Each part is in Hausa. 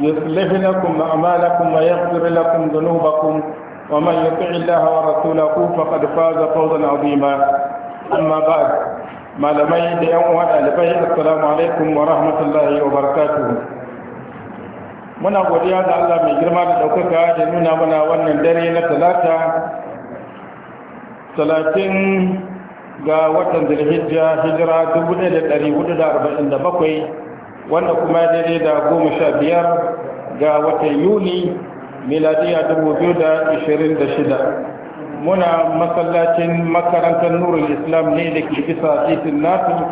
يصلح لكم أعمالكم ويغفر لكم ذنوبكم ومن يطع الله ورسوله فقد فاز فوزا عظيما أما بعد ما لمي دعوة ألبي السلام عليكم ورحمة الله وبركاته muna godiya da Allah mai girma da ɗaukaka da nuna mana wannan dare na talata talatin ga watan zulhijja hijira 1447 wanda kuma daidai da goma sha biyar ga watan yuni miladiya dubu biyu da ishirin da shida muna masallacin makarantar nurul islam ne da ke bisa titin nasu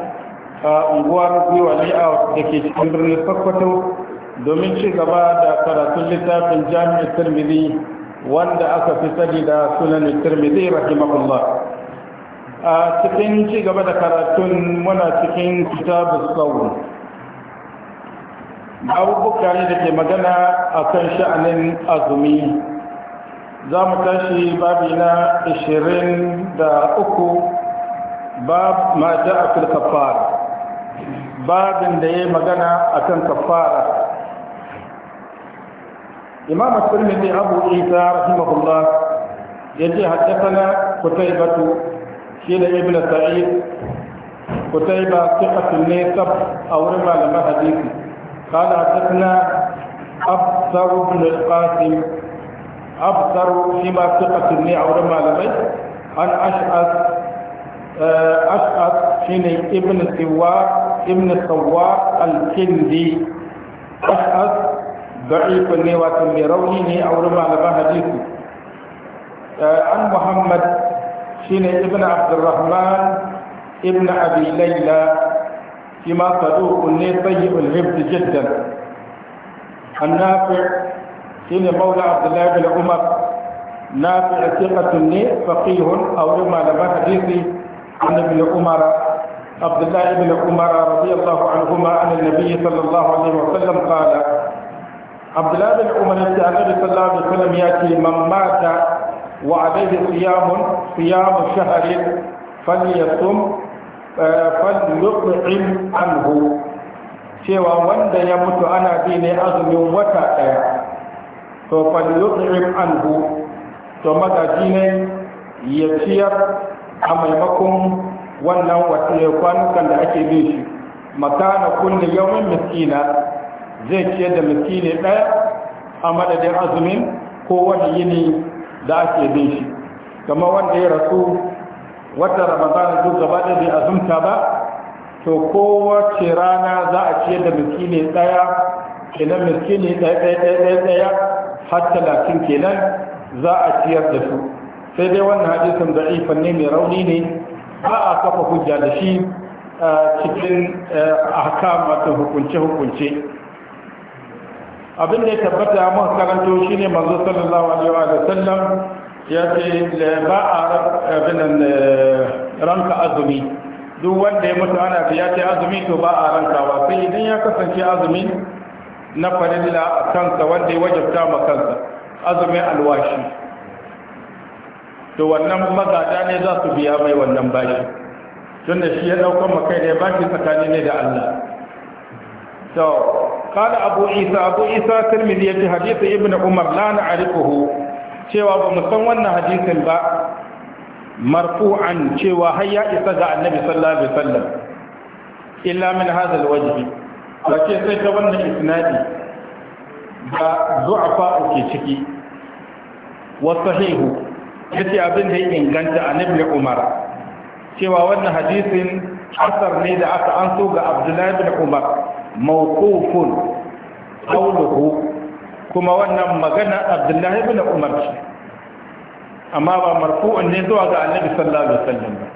a unguwar gwiwa layout da ke cikin birnin sokoto domin ci gaba da karatun littafin jami'in tirmidhi wanda aka fi sani da sunan tirmidhi rahimahullah a cikin ci gaba da karatun muna cikin kitabus sawun babubuka ne da ke magana a kan sha'anin azumi za mu tashi babi na 23 bab ma a fil kafara babin da ya magana a kan kafara imam at ne abu isa rahimahullah ta yi batu, shi da ibn sa'id qutayba thiqatun ne a wurin malamin hadisi قال حدثنا أبصر بن القاسم أبصر فيما ثقة لي أو رمى لمي أن أشعث أشعث شيني ابن سواء ابن سواء الكندي أشعث ضعيف لي وتمي روني أو رمى لمي حديثي عن محمد شيني ابن عبد الرحمن ابن أبي ليلى فيما صدوق سيء الحفظ جدا النافع حين مولى عبد الله بن عمر نافع ثقة فقيه أو لما لما حديثي عن ابن عمر عبد الله بن عمر رضي الله عنهما عن النبي صلى الله عليه وسلم قال عبد الله بن عمر صلى الله عليه وسلم يأتي من مات وعليه صيام صيام شهر فليصم Eh, falyut'im anhu cewa wanda ya mutu ana bi ne azumin wata daya to falyut'im anhu to magaji ne ya ciyar a maimakon wannan eh, kwanukan da ake bin shi makana kulli yawmin miskina zai ciyar da miskini daya a madadin azumin ko wani yini da ake bin shi kama wanda ya rasu wata ramadana duk gaba da bai azumta ba to kowace rana za a ciyar da ne daya kenan miski ne daya daya daya har talatin kenan za a ciyar da su sai dai wannan hadisin da ifan ne mai rauni ne ba a kafa hujja da shi cikin ahkam wato hukunce hukunce abin da ya tabbata mun karanto shine manzo sallallahu alaihi wa sallam ya ce ba a rabinan eh, ranka azumi duk wanda ya mutu ana ya ce azumi to ba a rankawa sai idan ya kasance azumi na farilla a kansa wanda ya wajabta ma kansa azumi alwashi to wannan magada ne za su biya mai wannan bashi tun da shi ya ɗaukar makai ne bashi tsakani ne da Allah to قال أبو عيسى أبو عيسى ترمذي حديث ابن عمر لا نعرفه cewa ba mu san wannan hadisin ba marfu'an cewa har ya isa ga annabi sallallahu alaihi wasallam illa min hadha alwajhi sai ta wannan isnadi ba du'afa uke ciki wa sahihu yace abin da ya inganta annabi Umar cewa wannan hadisin asar ne da aka an so ga Abdullahi bin Umar mawqufun qawluhu kuma wannan magana abdullahi bin umar ce amma ba marfu'un ne zuwa ga annabi sallallahu alaihi wasallam ba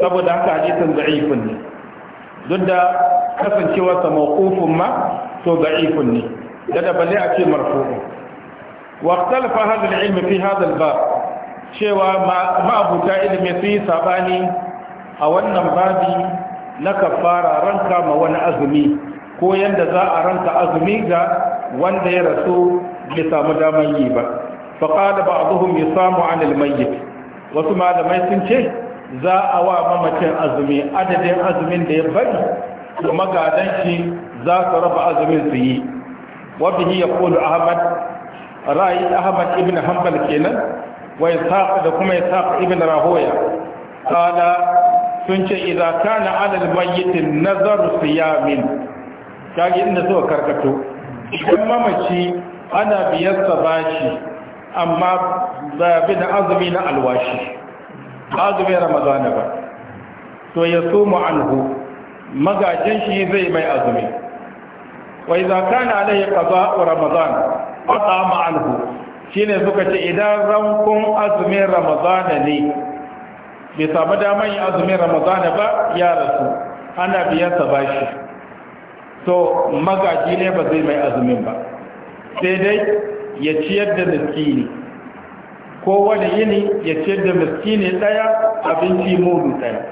saboda haka hadisin da'ifun ne duk da kasancewa sa mawqufun ma to da'ifun ne da balle a ce marfu'un wa ikhtalafa hadha al-ilm fi hadha al-bab cewa ma'abuta ilimi sun saɓani sabani a wannan babi na kafara ranka ma wani azumi ko da za a ranka azumi ga wanda ya rasu bai samu damar yi ba faƙada ba abuhun ya samu anil mayyit wasu malamai sun ce za a wa mamacin azumi adadin azumin da ya bari da magadan shi za su raba azumin su yi wabihi ya kulu ahmad ra'ayi ahmad ibn hanbal kenan wa isaq da kuma isaq ibn rahoya kala sun ce idan kana alal mayyit nazaru siyamin kage inda suka karkato idan mamaci ana biyarsa shi, amma ba bi da azumi na alwashi azumin ramadana ba to ya sumu anhu magajin shi zai mai azumi wa idza kana alayhi qada'u ramadan qadama anhu shine suka ce idan rankun azumin ramadana ne bai sabada damar yin azumin ramadana ba ya rasu ana biyarsa ba shi. to magaji ne ba zai mai azumin ba sai dai ya ciyar da miskini ko wani yini ya ciyar da miskini daya abinci mudu daya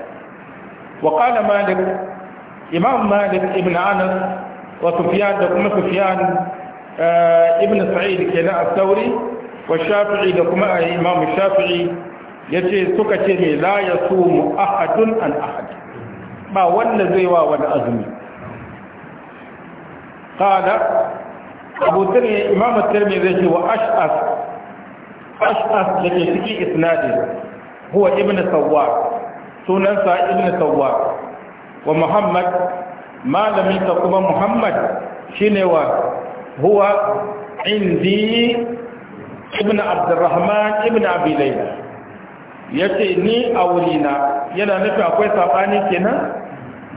wa qala malik imam malik ibn anas wa sufyan da kuma sufyan eh, ibn sa'id kenan as-sauri wa shafi'i da kuma imam shafi'i ya ce suka ce ne la yasumu ahadun an ahad ba wanda zai wa wani azumi قال أبو ذر إمام الترمذي وأشأث أشأث لكي تكي إسناده هو ابن سوار سننسى ابن سوار ومحمد ما لم يتقم محمد شنوى هو عندي ابن عبد الرحمن ابن أبي ليلى yace ni a wurina yana nufin akwai saɓani kenan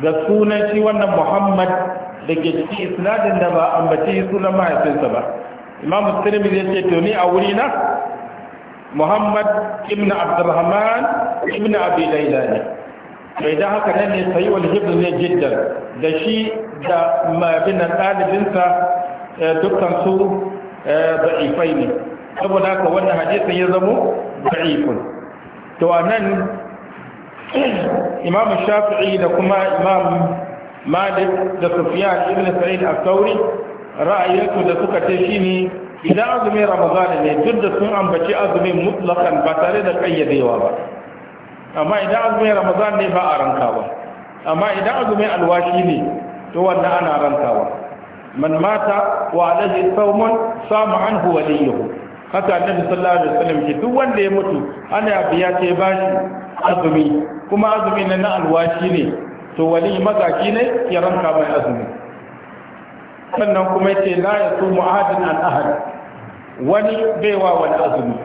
ga sunan shi wannan muhammad da ke cikin isnadin da ba ambaci sunan mahaifinsa ba imam musulmi ya ce to ni a wuri na muhammad ibn abdurrahman ibn abi laila ne idan haka nan ne sayi wani hibr ne jiddan da shi da mabin ɗalibinsa eh, dukkan su eh, da'ifai ne saboda haka wannan hadisin ya zamo da'ifun to a nan imam shafi'i da kuma imam malik da Sufyan ibn sa'id al-thawri ra'ayinsu da suka ce shine idan azumin ramadan ne duk da sun ambaci azumin mutlaqan ba tare da kayyadewa ba amma idan azumin ramadan ne ba a ranka ba amma idan azumin alwashi ne to wannan ana rankawa man mata wa alladhi sawmun sama anhu waliyuhu haka annabi sallallahu alaihi wasallam ce duk wanda ya mutu ana biya ce bashi azumi kuma azumin na alwashi ne to wani mazaki ne ya ranka mai azumi sannan kuma yace la su mu'adin an ahad wani baiwa wani azumi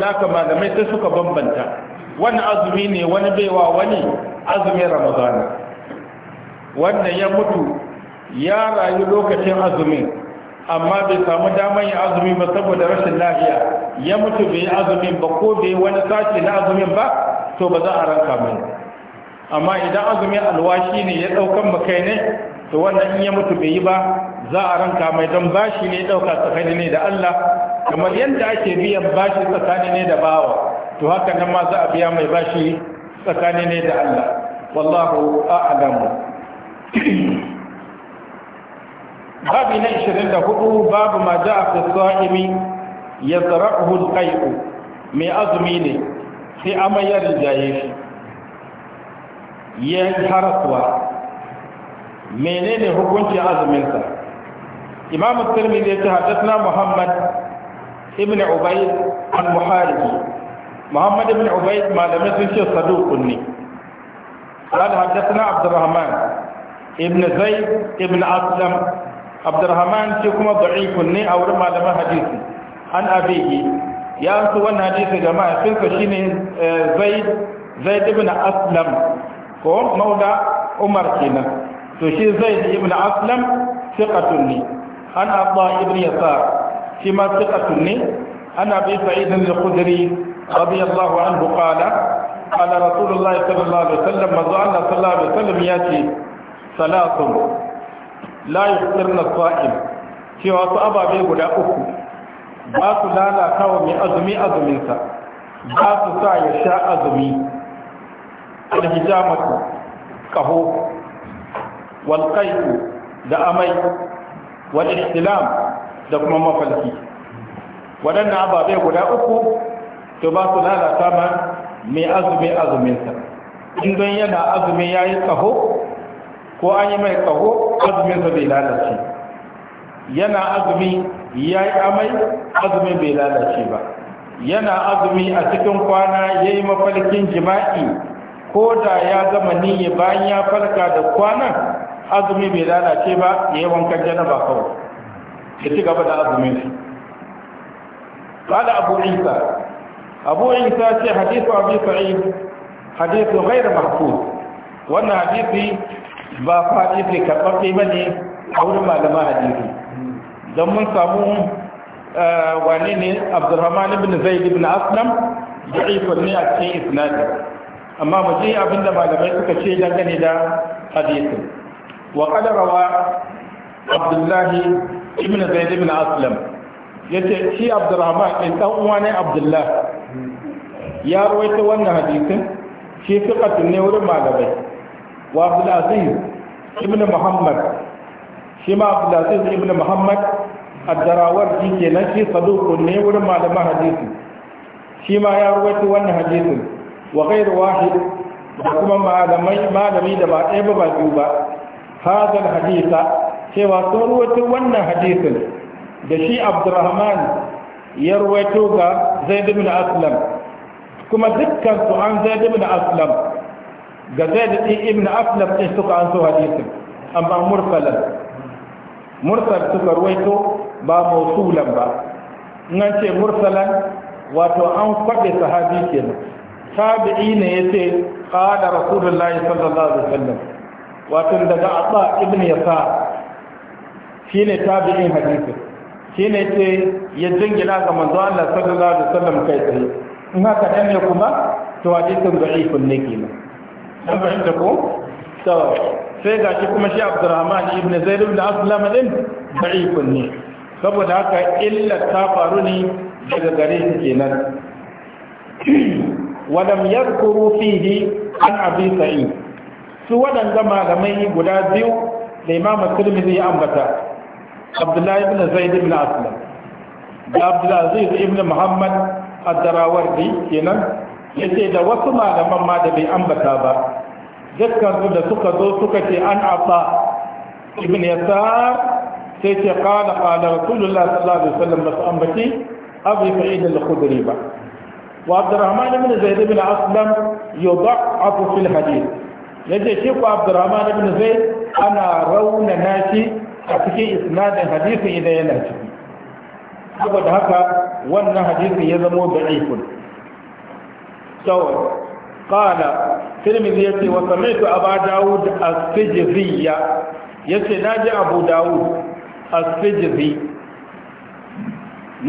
da haka malamai sai suka bambanta wani azumi ne wani baiwa wani azumin ramadana wanda ya mutu ya rayu lokacin azumi amma bai samu damar yin azumi ba saboda rashin lafiya ya mutu bai yi azumin ba ko bai wani sashi na azumin ba to ba za a ranka mai amma idan azumin alwashi ne ya daukan makai ne to wannan in ya mutu bai yi ba za a ranka mai don bashi ne dauka tsakani ne da Allah kamar yadda ake biyan bashi tsakani ne da bawa to haka nan ma za a biya mai bashi tsakani ne da Allah wallahu a'lamu babi na 24 babu ma ja'a fi sa'imi yazra'uhu al-qay'u mai azumi ne sai amayar jaye shi ya harasuwa menene hukuncin azuminsa imamu tirmidhi ya ce suna muhammad ibn ubaid al-muharibi muhammad ibn ubaid malamai sun ce saduqun ne قال حدثنا عبد الرحمن ابن زيد ابن أسلم عبد الرحمن شكما ضعيف أو رمى لما حديث عن أبيه يا أنسوا أن حديث جماعة فيك زيد زيد ابن Aslam. ko maula umar kenan to shi zai zaid ibn aslam thiqatun ne an abba ibn yasar shi ma thiqatun ne an abi sa'id al-khudri radiyallahu anhu qala qala rasulullah sallallahu alaihi wasallam za'a Allah sallallahu alaihi wasallam ya ce salatun la yusirna sa'im cewa su ababe guda uku ba su lalata wa mai azumi azuminsa ba su sa ya sha azumi alhijamatu kaho wal da amai wal ihtilam da kuma mafalki waɗannan ababe guda uku to ba su lalata ma mai azumi azuminsa in don yana azumi ya yi kaho ko an yi mai kaho azuminsa bai lalace yana azumi ya yi amai azumin bai lalace ba yana azumi a cikin kwana ya yi mafalkin jima'i ko da ya gama niyya bayan ya farka da kwanan azumi bai lalace ba ya yi wankan janaba kawai ya ci gaba da azumin shi isa أبو عيسى ce عيسى في حديث أبي سعيد حديث غير ba faɗi حديثي karɓar في ba ne a wurin malama حديثي don mun samu eh, wane ne abdurrahman ibn zaid ibn aslam da'ifun ne a cikin isnadi amma mu ji abin da malamai suka ce dangane da hadisin wa qad rawa abdullah ibn zaid ibn aslam yace shi abdurrahman din dan uwa ne abdullah ya rawaita wannan hadisin shi fiqatun ne wurin malamai wa abdul aziz ibn muhammad shi ma abdul aziz ibn muhammad addarawar shi kenan shi saduqun ne wurin malaman hadisi shi ma ya rawaita wannan hadisin wa ghairu wahid da kuma malamai malami da ba ɗaya ba ba biyu ba hadal hadisa cewa sun ruwaito wannan hadisin da shi abdurrahman ya ruwaito ga zaid ibn aslam kuma dukkan su an zaid ibn aslam ga zaid ibn aslam ɗin suka an so hadisin amma mursalan mursal suka ruwaito ba mausulan ba in an ce mursalan wato an faɗi sahabi kenan tabi'i ne yace qala rasulullahi sallallahu alaihi wasallam wato daga abba ibn yasa shine tabi'in hadisi shine yace ya jingina ga manzo Allah sallallahu alaihi wasallam kai tsaye in haka dan ne kuma to hadisin da'ifun ne kenan an fahimta ko to sai gashi kuma shi Abdurrahman ibn Zaid ibn Aslam din da'ifun ne saboda haka illa ta faru ne daga gare shi kenan walam yadhkuru fihi an abi sa'id su waɗanga malamai guda biyu da imam tirmidhi ya ambata abdullahi ibn zaid ibn aslam da abdulaziz ibn muhammad ad kenan yace da wasu malaman ma da bai ambata ba dukkan su da suka zo suka ce an asa ibn yasar sai ce qala qala rasulullah sallallahu alaihi wasallam ba su ambaci abu sa'id al-khudri ba وعبد الرحمن بن زيد بن أسلم يضعف في الحديث yace shi ko Abdurrahman ibn Zaid ana rauna nashi a cikin isnadin hadisin idan yana ciki saboda haka wannan hadisin ya zama da'ifun so qala Tirmidhi yace wa sami'tu Abu Dawud naji Abu Dawud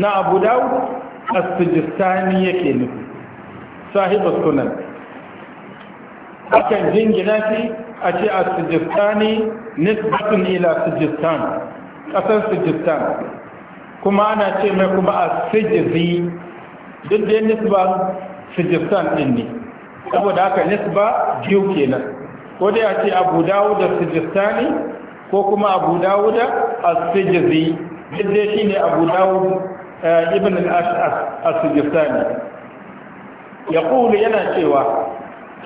na Abu Dawud as yake nufi sahibu sunan akan jingina shi a ce as nisbatun ila sijistan ƙasar sijistan kuma ana ce mai kuma a sijizi duk da nisba sijistan din ne saboda haka nisba biyu kenan ko dai a ce abu dawo da sijistani ko kuma abu dawo da as-sijizi duk da shi ne abu dawo ibn al-ash'as as-sijistani yaqulu yana cewa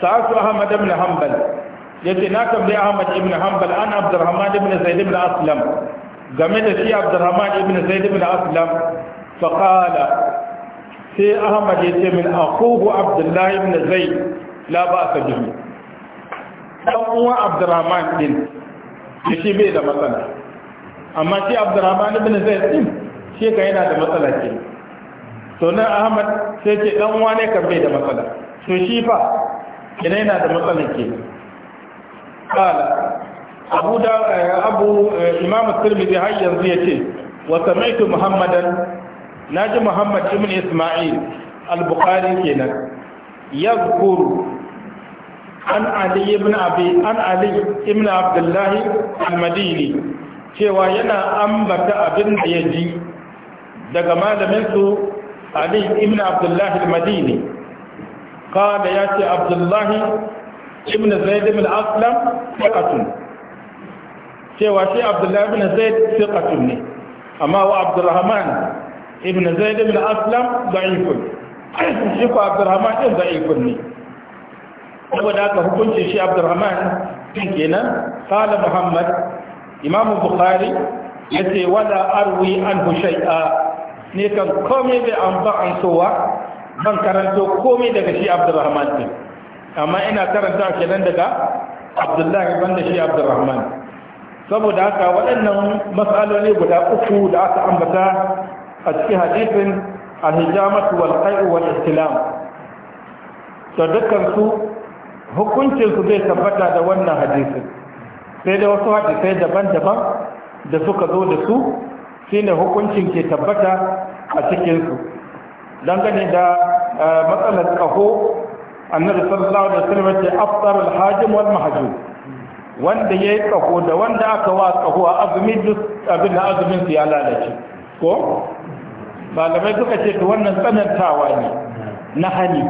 sa'atu ahmad ibn hanbal yace na tambayi ahmad ibn hanbal an abdurrahman ibn zaid ibn aslam game da shi abdurrahman ibn zaid ibn aslam fa qala sai ahmad yace min aqubu abdullah ibn zaid la ba'sa bihi dan uwa abdurrahman din shi bai da matsala amma shi abdurrahman ibn zaid din ka yana da matsala ke. so nan ahmad sai ce dan wane kan bai da matsala so shi fa idan yana da matsala ke kala abu da eh, abu eh, imam tirmidhi har yanzu yace wa samaitu muhammadan naji muhammad ibn isma'il al-bukhari kenan yadhkuru an ali ibn abi an ali ibn abdullahi al-madini cewa yana ambata abin da ya ji daga malaminsu ali ibn abdullahi al-madini kada ya ce abdullahi ibn zaid ibn aslam fiqatun cewa shi abdullahi ibn zaid fiqatun ne amma wa abdurrahman ibn zaid ibn aslam da'ifun shi ko abdurrahman din da'ifun ne saboda haka hukunci shi abdurrahman din kenan qala muhammad imam bukhari yace wala arwi anhu shay'a ne kan komai bai an ba an sowa ban karanto komai daga shi abdurrahman din amma ina karanta kenan daga abdullahi ban da shi abdurrahman saboda haka waɗannan matsaloli guda uku da aka ambata a cikin hadisin alhijamatu wal qai'u wal ihtilam to dukkan su hukuncin su zai tabbata da wannan hadisin sai da wasu hadisai daban-daban da suka zo da su shine hukuncin ke tabbata a cikinsu dangane da eh, matsalar kaho annabi sallallahu alaihi wasallam ce afsar al wal mahjum wanda yayi kaho da wanda aka wa kaho a azumi duk abin azumin su ya lalace ko malamai suka ce to wannan tsanantawa ne na hani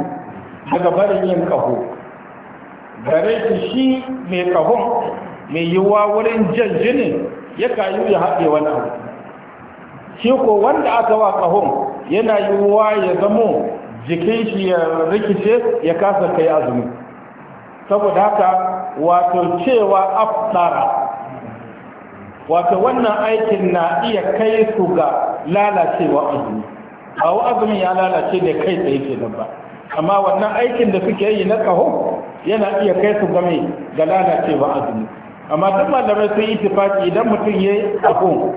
daga barin yin kaho gare shi shi mai kahon mai yiwuwa wurin jan jini ya kayu ya haɗe wani abu shi ko wanda aka wa ƙahon yana yiwuwa ya zamo jikin shi ya rikice ya kasa kai azumi saboda haka wato cewa aftara wato wannan aikin na iya kai su ga lalacewa azumi ba azumi ya lalace da kai tsaye ke nan ba amma wannan aikin da suke yi na kaho yana iya kai su game ga lalacewa azumi amma duk malamai sun yi tufafi idan mutum ya yi abun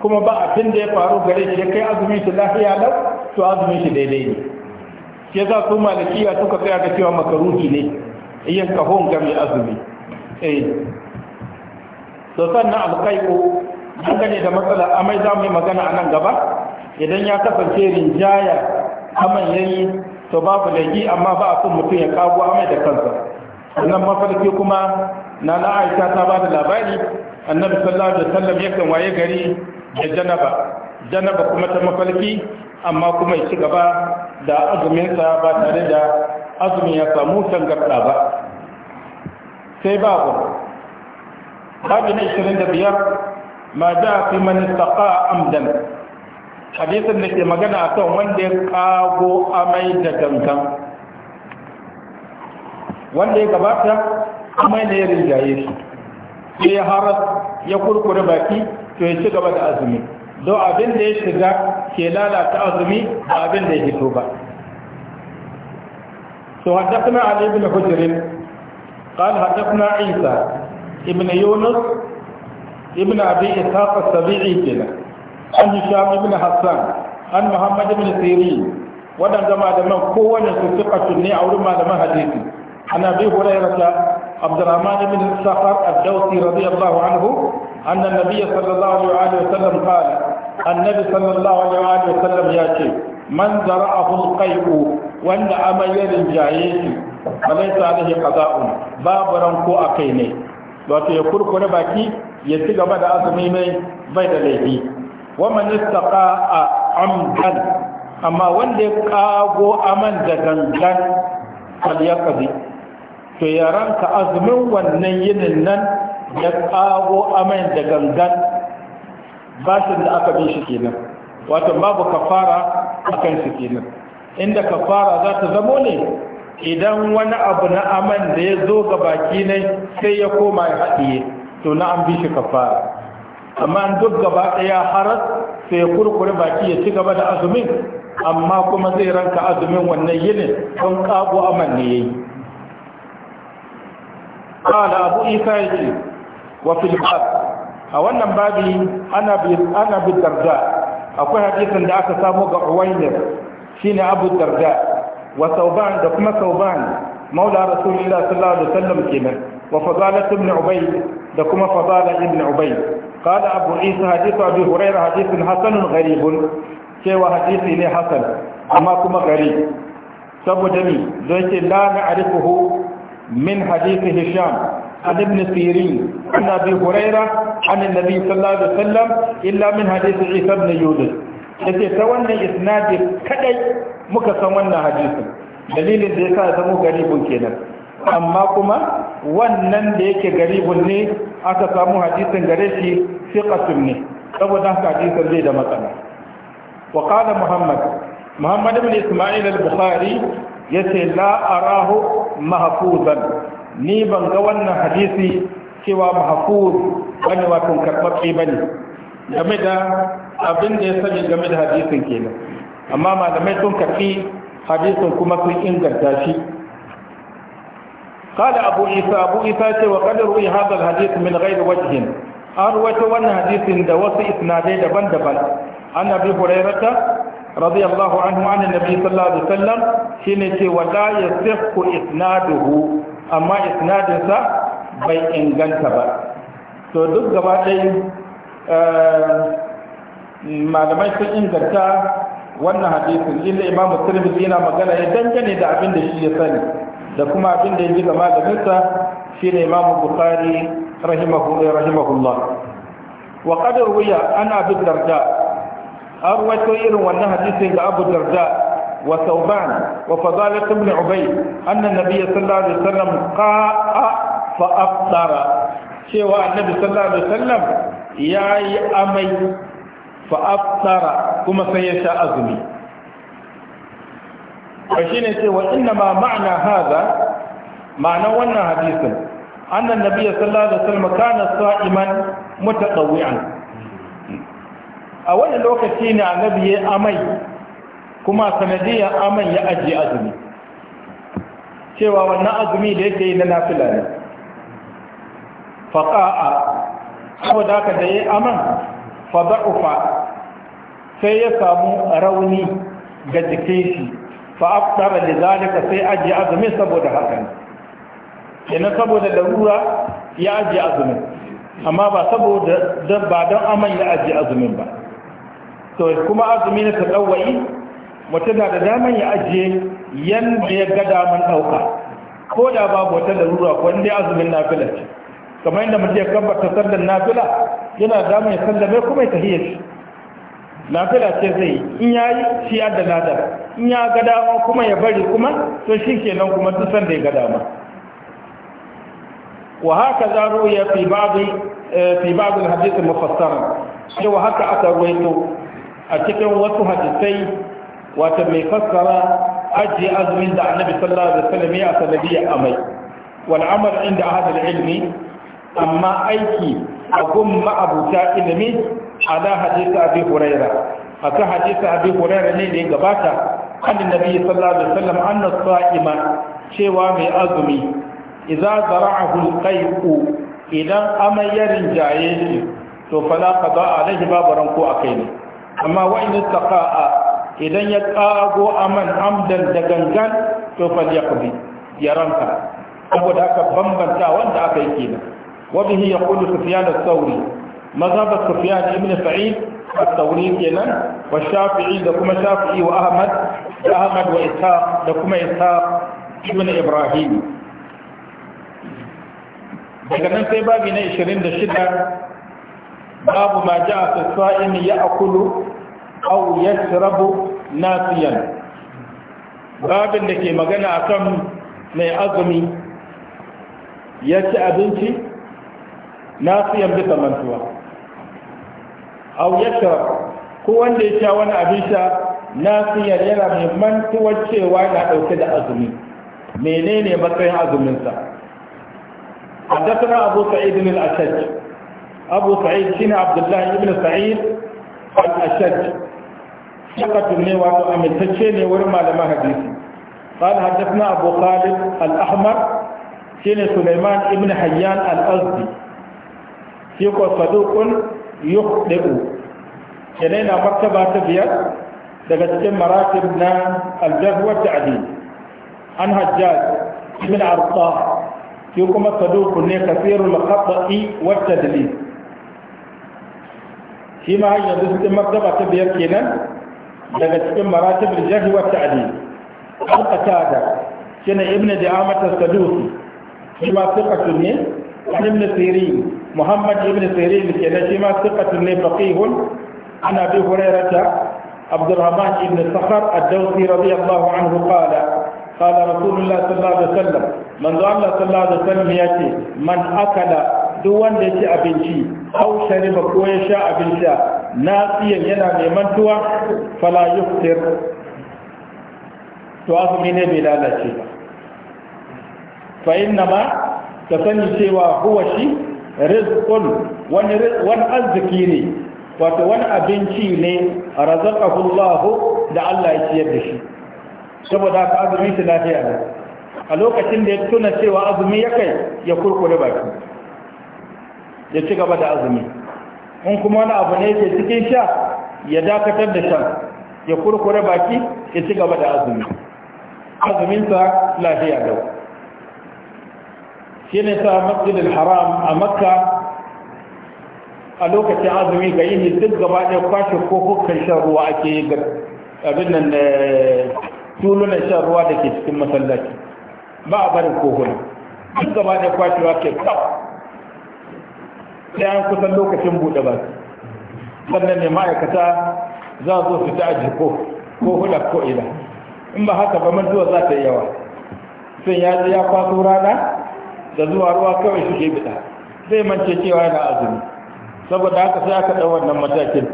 kuma ba abin da ya faru gare shi ya kai azumin shi lafiya lau to azumin shi daidai ne Ke za su malikiya suka tsaya ga cewa makaruki ne yin kahon ga mai azumi eh to sannan an dangane da matsala amai za mu yi magana a nan gaba idan ya kasance rinjaya aman yayi to babu laifi amma ba a son mutum ya kago amai da kansa sannan mafarki kuma na na ta ba da labari annabi sallallahu alaihi wasallam yakan waye gari da janaba janaba kuma ta mafarki amma kuma ya ci gaba da azuminsa ba tare da azumin ya samu tangarɗa ba sai babu babu na 25 ma ja fi man istaqa amdan hadisun da ke magana a kan wanda ya kago amai da gangan wanda ya gabata amai ne ya rinjaye shi ya haras ya kurkure baki to ya ci gaba da azumi don abin da ya shiga ke lalata azumi ba abin da ya fito ba to haddathna ali ibn hujr قال حدثنا عيسى ابن يونس ابن ابي اسحاق السبيعي كده عن هشام ابن حسان عن محمد بن سيرين ودان جماعة من قوة ثقة ني او لما لما حديثي عن ابي هريرة عبد الرحمن بن سخر الدوسي رضي الله عنه أن النبي صلى الله عليه وسلم قال النبي صلى الله عليه وسلم ياتي من زرعه القيء وأن أما يرجعيه فليس عليه قضاء باب رنكو أقيني wato ya kurkure baki ya ci gaba da azumi mai bai da laifi wa man istaqa amdan amma wanda ya kago aman da to ya ranta azumin wannan yinin nan ya kago aman da gangan bashin da aka bin shi kenan wato babu kafara akan shi kenan inda kafara za ta zamo ne idan wani abu na aman da ya zo ga baki ne sai ya koma ya haɗiye to na an bi shi kafara amma duk gaba ɗaya haras sai ya kurkure baki ya ci gaba da azumin amma kuma zai ranka azumin wannan yinin don ƙago aman ne ya yi قال أبو إيسا wa fil a wannan babi ana bi darda akwai hadisin da aka samo ga uwaynir shine abu darda wa sauban da kuma sauban maula rasulullah sallallahu alaihi wasallam kenan wa fadala ibn da kuma قال أبو عيسى حديث أبي هريرة حديث حسن غريب cewa hadisi ne hasan amma kuma gari saboda ni don ce la na arifuhu min hadisi hisham عن ابن سيرين عن أبي هريرة عن النبي صلى الله عليه وسلم إلا من حديث عيسى بن يونس yace ta wannan isnadi kadai muka san wannan hadisin dalilin da yasa ya zama garibun kenan amma kuma wannan da yake garibun ne aka samu hadisin gare shi siqatun ne saboda haka hadisin zai da matsala wa qala muhammad muhammad ibn isma'il al-bukhari yace la arahu mahfuzan ni ban ga wannan hadisi cewa mahfuz bane wato karɓaɓɓe bane game da abin da ya sani game da hadisin kenan amma malamai sun karɓi hadisin kuma sun inganta shi قال أبو عيسى أبو عيسى وقد روي هذا الحديث من غير وجه أروت وأن حديث دوس إسنادي دبن دبن عن أبي هريرة رضي الله عنه عن النبي صلى الله عليه وسلم حين ولا يصح إسناده amma isnadinsa bai inganta ba to duk gaba ɗaya eh, malamai sun inganta wannan hadisin inda imam musulmi yana magana ya dangane da abin da shi ya sani da kuma abin da ya ji ga shi ne imam bukari rahimahullah wa qad wuya ana bin darda an irin wannan hadisin ga abu darda وثوبان وفضالة بن عبيد أن النبي صلى الله عليه وسلم قاء فأفطر شوى النبي صلى الله عليه وسلم يا أمي فأفطر كما سيشاء أزمي فشين وإنما معنى هذا معنى وانا حديثا أن النبي صلى الله عليه وسلم كان صائما متطوعا a wannan lokaci ne annabi ya amai kuma sanadiyar aman ya ajiye azumi cewa wannan azumi da yake yi na nafila ne faƙa'a saboda haka da ya aman fada'ufa sai ya samu rauni ga jikin shi fa'aftara da zalika sai ajiye azumin saboda haka ne yana saboda larura ya ajiye azumin amma ba saboda ba don aman ya ajiye azumin ba to kuma azumi na ta ɗauwa'i wata na da daman ya ajiye yadda ya ga daman ɗauka ko da babu wata larura ko inda azumin nafila ce kamar yadda mutum ya kabbata sallar nafila yana daman ya sallame kuma ya tahiyya shi nafila ce zai yi in ya yi shi da nada. in ya ga dama kuma ya bari kuma to shi kenan kuma duk sanda ya ga dama wa haka za ya fi babu eh, fi babu hadisi mufassara sai wa haka aka ruwaito a cikin wasu hadisai wata mai fassara ajiye azumin da annabi sallallahu alaihi wasallam ya ya amai wal amal inda a al ilmi amma aiki a gun ma'abuta ilimi ala hadisi abi huraira aka hadisi abi huraira ne da ya gabata an nabi sallallahu alaihi wasallam anna sa'ima cewa mai azumi idza zara'ahu al-qay'u idan amai ya rinjaye shi to fala qada alaihi babaran ko akai ne amma wa in idan ya a aman amdan da gangan to ya kubi ya ranka saboda aka bambanta wanda aka yi kenan wa bihi yaqulu sufyan ath-thawri mazhab sufyan ibn sa'id ath-thawri kenan wa shafi'i da kuma shafi'i wa ahmad da ahmad wa isa da kuma isa ibn ibrahim daga nan sai babi na 26 babu ma ja'a ya akulu au yashrabu nasiyan babin da ke magana akan mai azumi ya ci abinci nasiyan bisa mantuwa au yashrab ko wanda ya sha wani abin sha nasiyan yana mai mantuwar cewa na ɗauke da azumi menene matsayin azuminsa حدثنا أبو سعيد الأشج أبو سعيد شين عبد الله بن سعيد الأشج ثقة ne wato amintacce ني ور مالما حديث قال حدثنا أبو خالد الأحمر سيدنا سليمان ابن حيان الأزدي شيخ صدوق يخطئ شنين مكتبة تبيت دقت مراتبنا الجر والتعديل عن حجاج ابن عرطاح شيخ صدوق كثير الخطأ والتدليس shi ma har yanzu cikin martaba ta biyar kenan daga cikin maratibul jarh wa ta'dil an qatada shine ibnu da'amat as-sadusi shi ma thiqatun ne ibn sirin muhammad ibn ke kenan shi ma thiqatun ne faqihun ana bi hurairata عبد Ibn بن صخر الدوسي رضي الله عنه قال قال رسول الله صلى الله عليه وسلم من ذا الله صلى الله عليه وسلم ياتي من اكل دون دتي ابنشي او شرب كو يشاء nasiyan yana neman tuwa fala yuftir to azumi ne bai lalace ba fa inna ma ka sani cewa huwa shi rizqun wani wani arziki ne wato wani abinci ne razaqahu Allah da Allah ya ciyar da shi saboda ka azumi ta lafiya ne a lokacin da ya tuna cewa azumi ya kai ya kurkure baki ya ci gaba da azumi in kuma wani abu ne ke cikin sha ya dakatar da shan ya kurkure baki ya ci gaba da azumi azuminsa lafiya lau shi ne sa al haram a makka a lokacin azumi ga yin duk gaba ɗaya kwashe ko hukkan shan ruwa ake yi ga abin nan eh, tulunan shan ruwa da ke cikin masallaci ba a barin kohuna duk gaba ɗaya kwashewa ke kawai sai an kusan lokacin buɗe ba sannan ne ma'aikata za zo su ta aji ko ko hula ko ila in ba haka ba mantuwa za ta yi yawa sun ya ya kwaso rana da zuwa ruwa kawai su ke bida zai mance cewa yana azumi saboda haka sai aka ɗau wannan matakin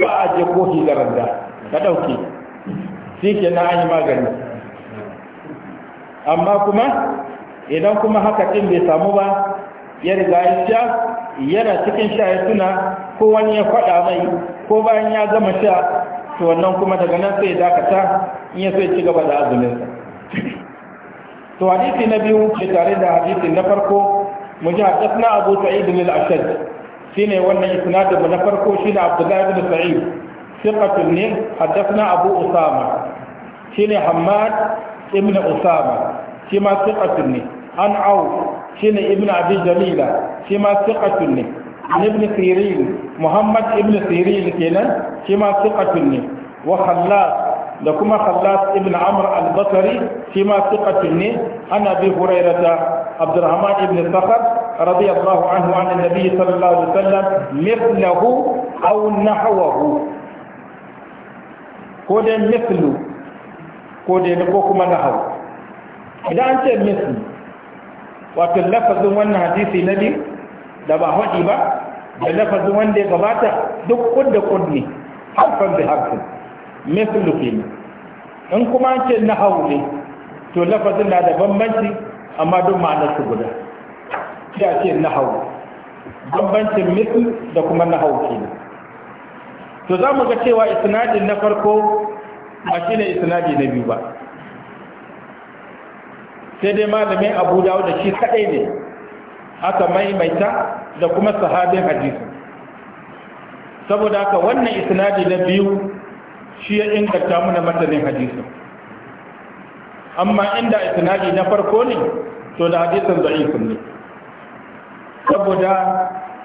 ba a je ko hilarar randa. ka ɗauke shi ke na an yi magani amma kuma idan kuma haka ɗin bai samu ba ya riga ya yana cikin sha ya ko wani ya faɗa mai ko bayan ya gama sha to wannan kuma daga nan sai dakata in ya sai ci gaba da azuminsa to hadisi na biyu ke tare da hadisi na farko mu ji abu sa'id al ashad shine wannan isnadin na farko shine abdullahi bin sa'id thiqatu ne hadasna abu usama shine hammad ibn usama shi ma thiqatun ne an au شن ابن عبد جليلة شما ثقة تني عن ابن سيرين محمد ابن سيرين كنا شما ثقة تني وخلاص لكما خلاص ابن عمر البصري شما ثقة تني أنا أبي هريرة عبد الرحمن ابن صخر رضي الله عنه عن النبي صلى الله عليه وسلم مثله أو نحوه كودين مثله كودين بوكما نحوه إذا أنت مثله wato lafazin wannan hadisi na bi da ba haɗi ba da lafazin wanda ya gabata duk kudda kudni harfan da harfin mislu ne in kuma an ce na ne to lafazin na da bambanci amma duk ma'anar su guda sai a ce na hau bambancin misl da kuma na haule ne to za mu ga cewa isnadin na farko ba shi ne isnadi na biyu ba sai dai malamin abu dawo da shi kadai ne aka maimaita da kuma sahabin hadisin saboda haka wannan isnadi na biyu shi ya inganta mana masanin hadisin amma inda isnadi na farko ne to da hadisin da'ifin ne saboda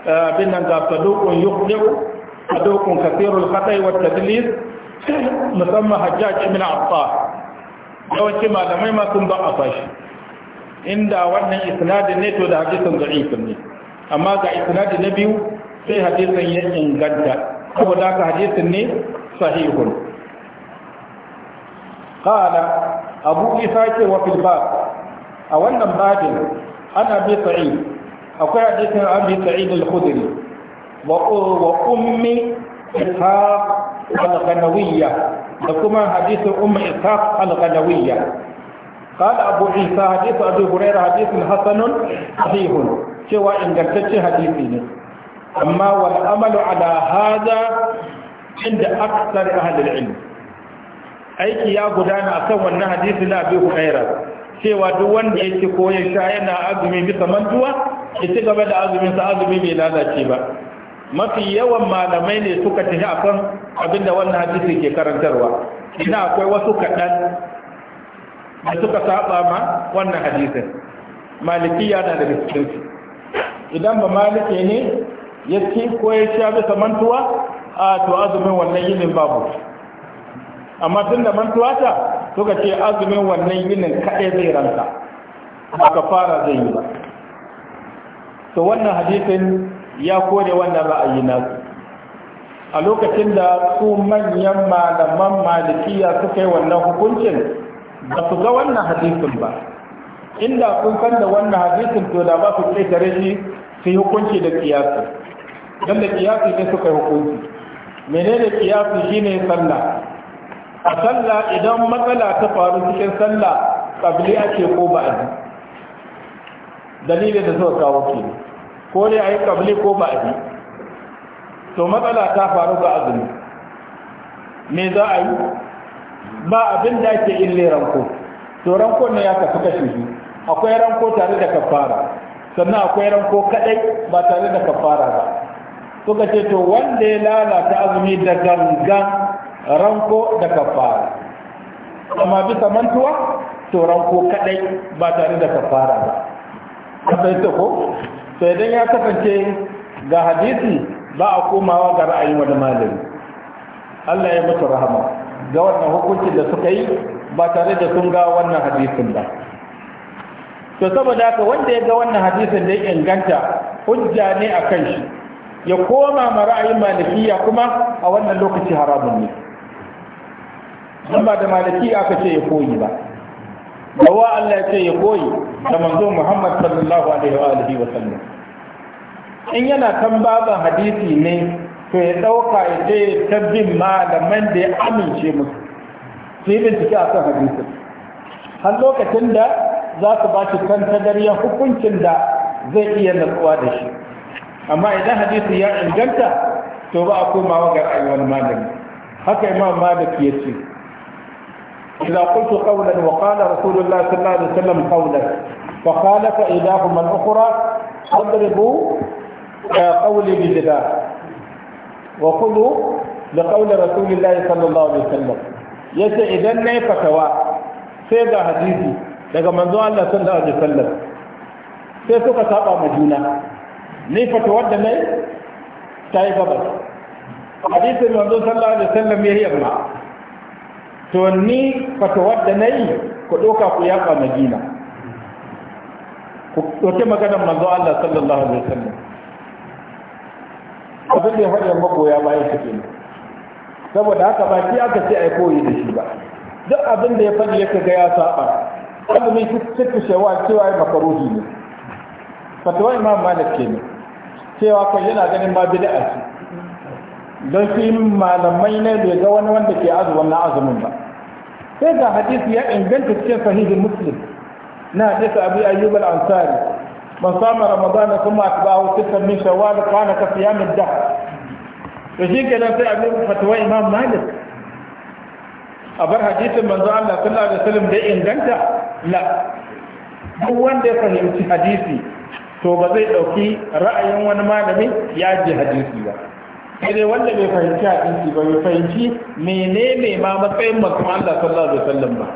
eh, abin nan ga sadukun yukhdiu sadukun kathirul khata'i wa tadlis musamman hajjaj ibn affan yawanci malamai ma sun ba a fashi inda wannan isnadin ne to da hadisin da'ifin ne amma ga isnadi na biyu sai hadisin ya inganta saboda ka hadisin ne sahihun qala abu isa ce wa fil bab a wannan babin ana bi sa'i akwai hadisin abi sa'id al-khudri wa ummi ishaq al-ghanawiyya da kuma hadisin umma ishaq al-ghanawiyya qala abu isa hadisu abu hurairah hadisun hasanun sahihun cewa ingantaccen hadisi ne amma wal amalu ala hada inda aksar ahli al-ilm aiki ya gudana akan wannan hadisi na abu hurairah cewa duk wanda yake koyon sha yana azumi bisa mantuwa, ya ci gaba da azumin sa azumi bai lalace ba mafi yawan malamai ne suka tafi kan abinda wannan hadisi ke karantarwa ina akwai wasu kaɗan da suka saba ma wannan hadisin malikiya na da cikin idan ba maliki ne ya ce ko ya sha bisa mantuwa a to azumin wannan yinin babu amma tun da mantuwa ta suka ce azumin wannan yinin kaɗai zai ranta aka ka fara zai yi ba to wannan hadisin ya kone wannan ra'ayi nasu a lokacin da su manyan malaman malikiya suka yi wannan hukuncin ba su ga wannan hadisin ba inda sun san da wannan hadisin to da ba su kai tare shi su yi hukunci da kiyasi don da kiyasi ne suka yi hukunci menene kiyasi shine sallah a sallah idan matsala ta faru cikin sallah kabli ake ko ba'a dalilin da suka kawo kenan ko ne a yi kabli ko ba a yi to matsala ta faru ga azumi me za a yi ba abin da ake ille ranko to ranko ne ya kafi kashi shi akwai ranko tare da kafara sannan akwai ranko kadai ba tare da kafara ba suka ce to wanda ya lalata azumi da gangan ranko da kafara amma bisa mantuwa to ranko kadai ba tare da kafara ba kasance ko to idan ya kasance ga hadisi ba a komawa ga ra'ayin wani malami Allah ya mutu rahama ga wannan hukuncin da suka yi ba tare da sun ga wannan hadisin ba to saboda haka wanda ya ga wannan hadisin da ya inganta hujja ne a kan shi ya koma ma ra'ayin malikiya kuma a wannan lokaci haramun ne ba da malikiya aka ce ya koyi ba gawa Allah ya ce ya koyi da manzo Muhammad sallallahu alaihi wa sallam in yana kan baban hadisi ne to ya dauka ya ce tabbin malaman da ya amince musu su yi bincike a kan hadisin har lokacin da za su ba shi kan hukuncin da zai iya natsuwa da shi amma idan hadisi ya inganta to ba a komawa ga ra'ayi malami haka imam malik ya ce إذا قلت قولا وقال رسول الله صلى الله عليه وسلم قولا فقال فإلهما الأخرى أضربوا قولي بجدار وخذوا لقول رسول الله صلى الله عليه وسلم idan na yi sai ga hadisi daga manzo Allah sallallahu alaihi wasallam sai suka saba ma juna ni fatawar da ta yi gabas hadisin manzo sallallahu to ni fatawar wadda na yi ku ɗauka ku yaƙa madina ku ɗauke maganar manzo Allah sallallahu alaihi wasallam abin da ya faɗi magoya bayan su ne saboda haka ba shi aka ce ai koyi da shi ba duk abin da ya faɗi ya kaga ya saba azumi cikin shawa cewa ai makaruhi ne fatawa imam malik ke ne cewa kai yana ganin ma bid'a ce don shi malamai ne bai ga wani wanda ke azumin na azumin ba sai ga hadisi ya inganta cikin sahihin muslim na hadisi abu ayyub al-ansari man sama ramadana kuma atba'u sittan min shawwal kana ka siyam ad-dahr to shi kenan sai abu fatwa imam malik a bar hadisin manzo Allah sallallahu alaihi wasallam da inganta la duk wanda ya fahimci hadisi to ba zai dauki ra'ayin wani malami ya ji hadisi ba sai dai wanda bai fahimci hadisi ba bai fahimci menene ma matsayin masu Allah sallallahu alaihi wasallam ba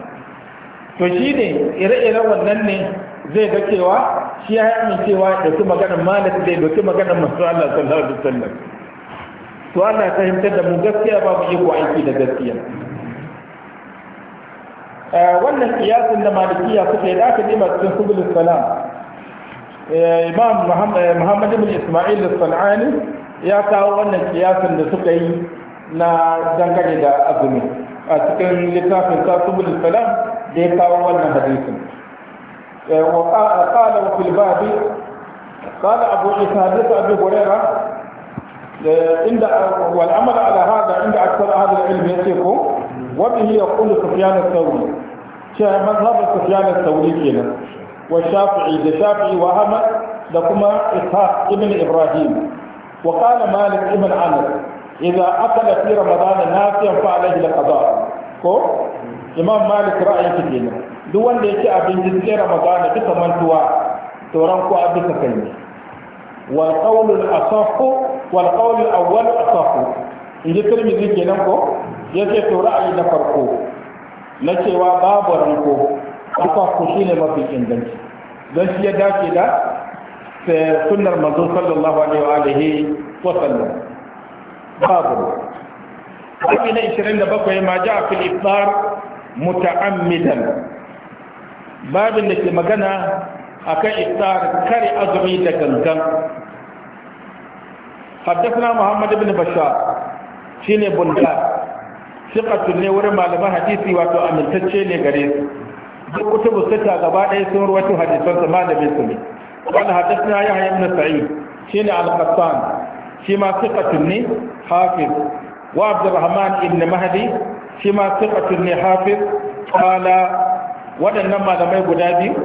to shi ne ire-iren wannan ne zai ga cewa shi ya yi cewa da su maganar malik da doki maganar masu Allah sallallahu alaihi wasallam to Allah ta himta da mu gaskiya ba mu iko aiki da gaskiya eh, wannan kiyasin da malikiya suka yi da aka nema cikin subul salam eh, imam eh, muhammad ibn isma'il as-sanani ya kawo wannan kiyasan da suka yi na dangane da azumi a cikin littafin sabbin salam da ya kawo wannan hadisin eh, wa qala wa fil babi qala abu isad ibn abi hurairah eh, inda wal amal ala hada inda akthar hada al ilm yace ko wa bihi yaqul sufyan al-thawri cha mazhab sufyan al-thawri kenan wa shafi'i da shafi'i wa ahmad da kuma ibn ibrahim وقال مالك ابن انس اذا اكل في رمضان نافيا فعليه القضاء كو امام مالك راي كده duk wanda yake abinci cikin ramadana duka mantuwa to ranko a duka kai ne wal qawlul asahhu wal qawlul awwal asahhu inji tirmidhi kenan ko yace to ra'ayi da farko na cewa babu ranko asahhu shine mafi inganci don ya dace da sunnar manzo sallallahu alaihi wa sallam babu babu na 27 ma ja'a fil iftar muta'ammidan babin da ke magana akan iftar kare azumi da gangan حدثنا محمد بن بشار شيني بندار ثقة ne wurin malaman hadisi wato amintacce ne gare su duk kutubu sita gaba ɗaya sun ruwaito hadisan su malamin su ne قال حدثنا يحيى بن سعيد شين على قطان فيما ثقة مني حافظ وعبد الرحمن بن مهدي فيما ثقة مني حافظ قال ودن نما لما هذه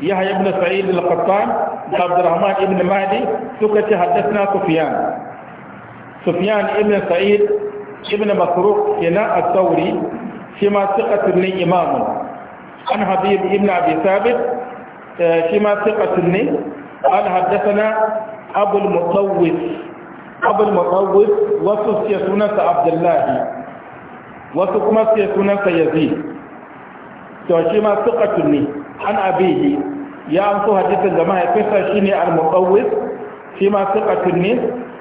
يحيى بن سعيد القطان عبد الرحمن بن مهدي ثقة حدثنا سفيان سفيان بن سعيد ابن مسروق هنا الثوري فيما ثقة مني إمام عن حبيب بن أبي ثابت آه، كما ثقة قال حدثنا أبو المطوف أبو المطوف وصف سيسونة عبد الله وصف ما سيسونة يزيد فيما ثقة عن أبيه يا أنسو حديث الجماعة كيف شيني المطوف فيما ثقة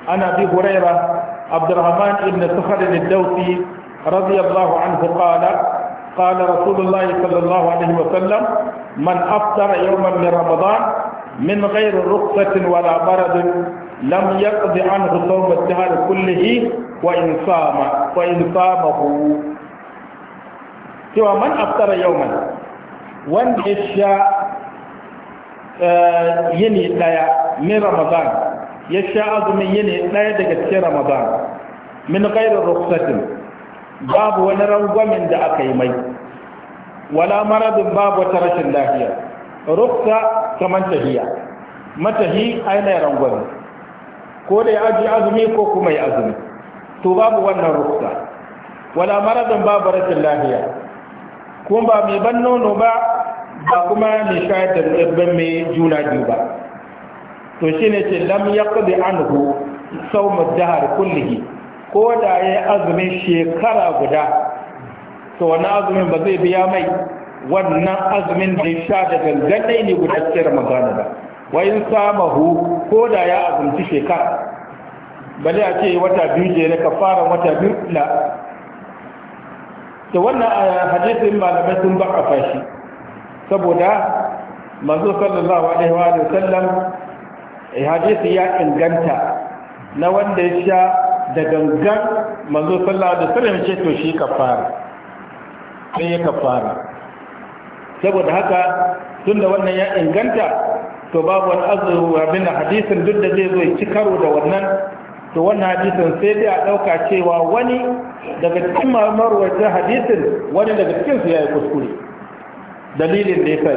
عن أبي هريرة عبد الرحمن بن سخر الدوسي رضي الله عنه قال قال رسول الله صلى الله عليه وسلم من أفطر يوما من رمضان من غير رخصة ولا مرض لم يقض عنه صوم الشهر كله وإن صام وإن صامه سوى من أفطر يوما وان يشاء آه، يني لايا من رمضان يشاء أظم يني لايا دكتش رمضان من غير رخصة باب ونرى rangwamen da aka wala maradin babu wata rashin lafiya ruksa ta mantahiya matahi aina rangwani ko da ya aji azumi ko kuma ya azumi to babu wannan ruksa wala maradin babu rashin lafiya kuma ba mai ban nono ba ba kuma mai shayar da ɗabban mai juna biyu ba to shi ne ce lam ya kudu anhu sau mu jihar kullihi ko da ya azumin shekara guda to wannan azumin ba zai biya mai wannan azumin da sha da gangan ne guda cikin ramadana ba in samahu ko da ya azumci shekara bale a ce wata biyu jere ka fara wata biyu na to wannan eh, hadisin malamai sun ba a fashi saboda manzo sallallahu alaihi wa sallam eh, hadisi ya inganta na wanda ya sha da gangan manzo sallallahu alaihi wa sallam ce to shi kafara sai ya kafara saboda haka tunda wannan ya inganta to babu wani azuru abin da hadisin duk da zai zo ci karo da wannan to wannan hadisin sai dai a ɗauka cewa wani daga cikin ta hadisin wani daga cikin su ya yi kuskure dalilin da ya sa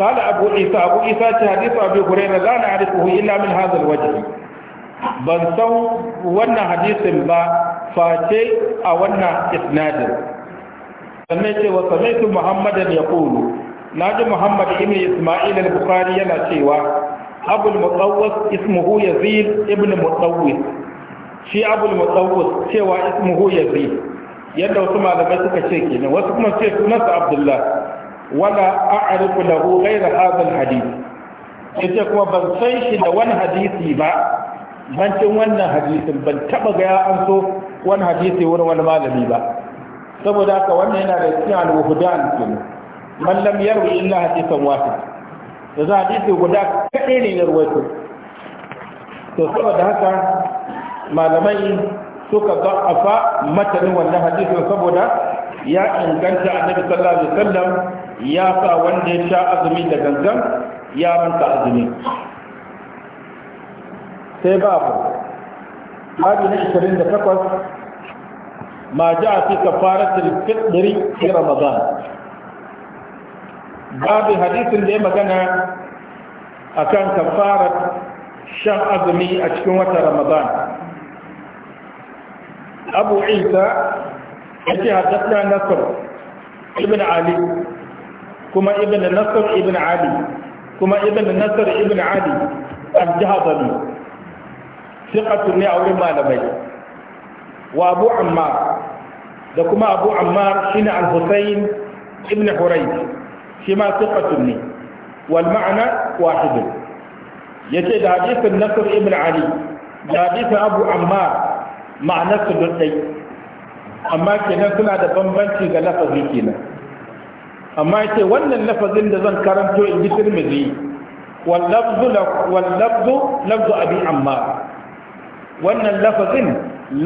ke abu isa عيسى أبو عيسى حديث أبي هريرة لا نعرفه illa min هذا الوجه ban san wannan hadisin ba face a wannan isnadin sannan ce wa samaitu muhammadan ya kulu na ji muhammad ibn isma'il al-bukhari yana cewa abul mutsawwas ismuhu yazid ibn mutsawwis shi abul mutsawwas cewa ismuhu yazid yadda wasu malamai suka ce kenan wasu kuma ce sunansa abdullah wala a'rifu lahu ghayra hadha al-hadith yace kuma ban san shi da wani hadisi ba bancin wannan hadisin ban taba ga an so wani hadisi wurin wani malami ba saboda haka wannan yana da cikin al-wuhdan kenan man lam yarwi illa hadithan wahid da za hadisi guda kadai ne ya rawaito to saboda haka malamai suka da'afa matanin wannan hadisin saboda ya inganta annabi sallallahu alaihi wasallam ya sa wanda ya sha azumi da gangan ya ranta azumi sai babu babu na 28 ma ji ja'a fi kafaratul fitri fi ramadan babu hadisin da ya magana akan kafarat shan azumi a cikin watan ramadan abu isa yake haddasa nasar ibn ali kuma ibn nasar ibn ali kuma ibn nasar ibn ali al-jahdami thiqatun ne a wurin malamai wa abu ammar da kuma abu ammar shi ne al-husayn ibn hurayth shi ma thiqatun ne wal ma'ana Ya ce da hadisin nasr ibn ali da hadisin abu ammar ma'anar su dai amma kenan suna da bambanci ga lafazi kenan amma ya ce wannan lafazin da zan karanto in ji tirmidhi wal lafzu wal ammar wannan lafazin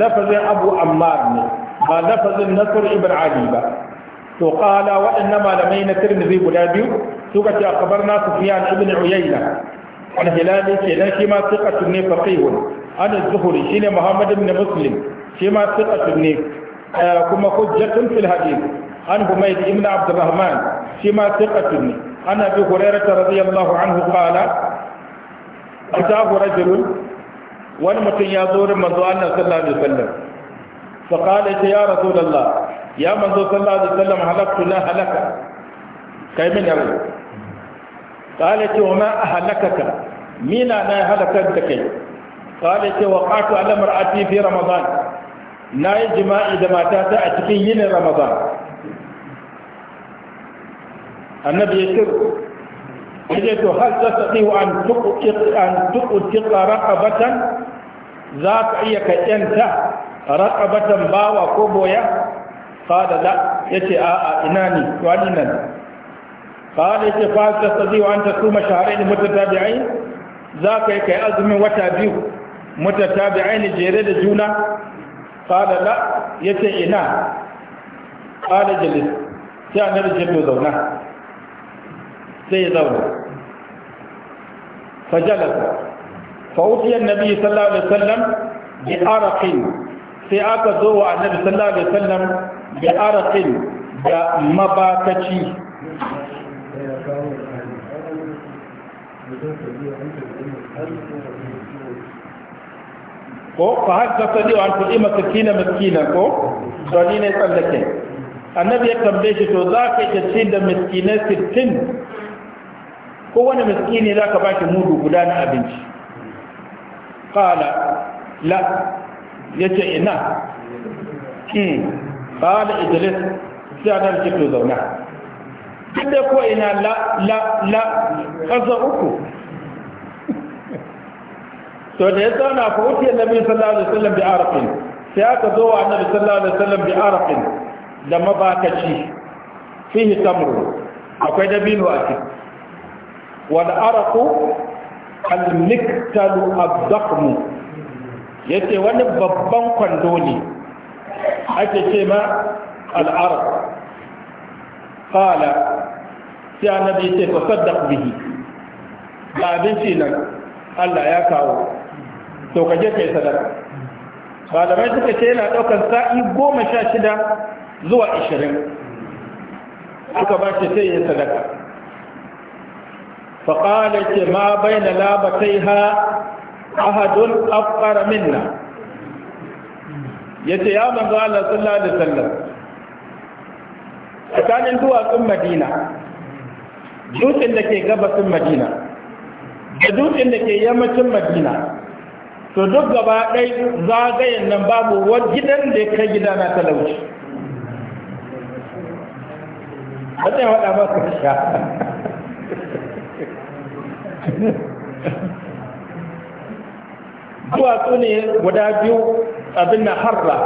lafazin abu ammar ne ba lafazin nasr ibn ali ba to qala wa inna malamai na tirmidhi guda biyu suka ce akhbarna sufyan ibn uyayna an hilali ke dan shi ma thiqatun ne faqihun an az-zuhri ne muhammad ibn muslim shi ma thiqatun ne eh, kuma hujjatun fil hadith an humayd ibn abd alrahman shi ma thiqatun ne an abi hurairah radiyallahu anhu qala atahu rajulun wani mutum ya zo manzo Allah sallallahu alaihi wasallam فقال يا رسول الله يا من صلى الله عليه وسلم هلكت لا هلك كي من يرد قالت وما أهلكك مين أنا هلكتك قالت وقعت على امرأتي في رمضان لا يجمع إذا ما تاتى ين رمضان النبي يسر قلت هل تستطيع أن تؤتق أن تؤتق رقبة ذاك إياك أنت raqabatan bawa ko boya qala ya ce a a ina ni wani nan ya ce fa tasdi wa an anta suma shahrayn mutatabi'ain zaka yi kai azumin wata biyu mutatabi'ain jere da juna qala ya ce ina qala jalis sai annabi jiddo zauna sai ya zauna فجلس فأوتي النبي صلى الله عليه bi بأرق sai aka zo wa annabi sallallahu alaihi wasallam da arafin da mabakaci ko fa haka an wa ima maskina miskina ko to ne tsallake annabi ya tambaye shi to za ka ce cin da miskinai sittin ko wani miskini za ka ba shi mudu guda na abinci kala la ya ce ina ƙada hmm, idris sai a nan cikin zauna duk da ko ina la la la ƙasa uku to da ya zauna ko wuce nabi sallallahu alaihi wasallam bi arafin sai aka zo wa annabi sallallahu alaihi wasallam bi arafin da mabakaci fihi tamru akwai dabino a ciki wal araqu al miktalu ad-dakhmu ya ce wani babban kwando ne ake ce ma al'ar fala sai annabi ce ko saddaq bihi da abinci nan Allah ya kawo to ka je kai sadaka malamai suka ce yana ɗaukar sa'i goma sha shida zuwa ashirin aka ba shi sai ya sadaka faƙala ce ma bai na labatai ha ahadun afqara minna yace ya manzo Allah sallallahu alaihi wasallam tsakanin duwatsun Madina dutsen da ke gabasin Madina da dutsen da ke yammacin Madina to duk gaba ɗai zagayen nan babu wani gidan da ya kai gida na talauci wata yawa ɗa ba sha duwatsu ne guda biyu abin na harra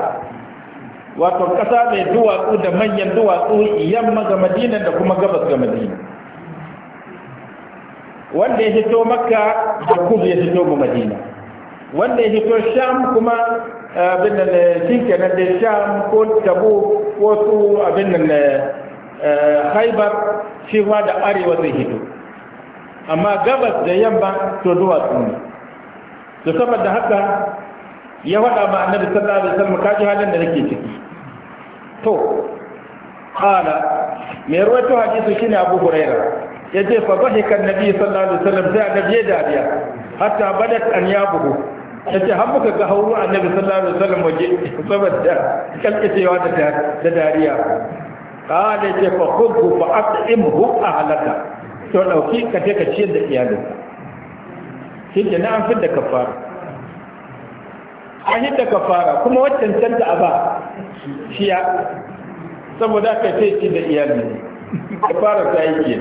wato ƙasa mai duwatsu da manyan duwatsu yamma ga madina da kuma gabas ga madina wanda ya hito maka da kudu ya hito ga madina wanda ya hito sham kuma abin na shi na da sham ko tabo ko su abin da na haibar shi da arewa zai hito amma gabas da yamma to duwatsu ne to saboda haka ya faɗa ma annabi sallallahu alaihi wasallam kaji halin da nake ciki to qala mai rawaito hadisi shine Abu Huraira yace fa kan nabi sallallahu alaihi wasallam sai annabi ya dariya hatta badat an yabuhu yace har muka ga hauru annabi sallallahu alaihi wasallam waje saboda kalkacewa da dariya qala yace fa khudhu fa at'imhu ahlaka to dauki ka ka ciyar da iyalinka shi na an fidda kafara an hidda kafara kuma waccan canta a ba shiya saboda ka ce shi da iyali kafara ta yi ke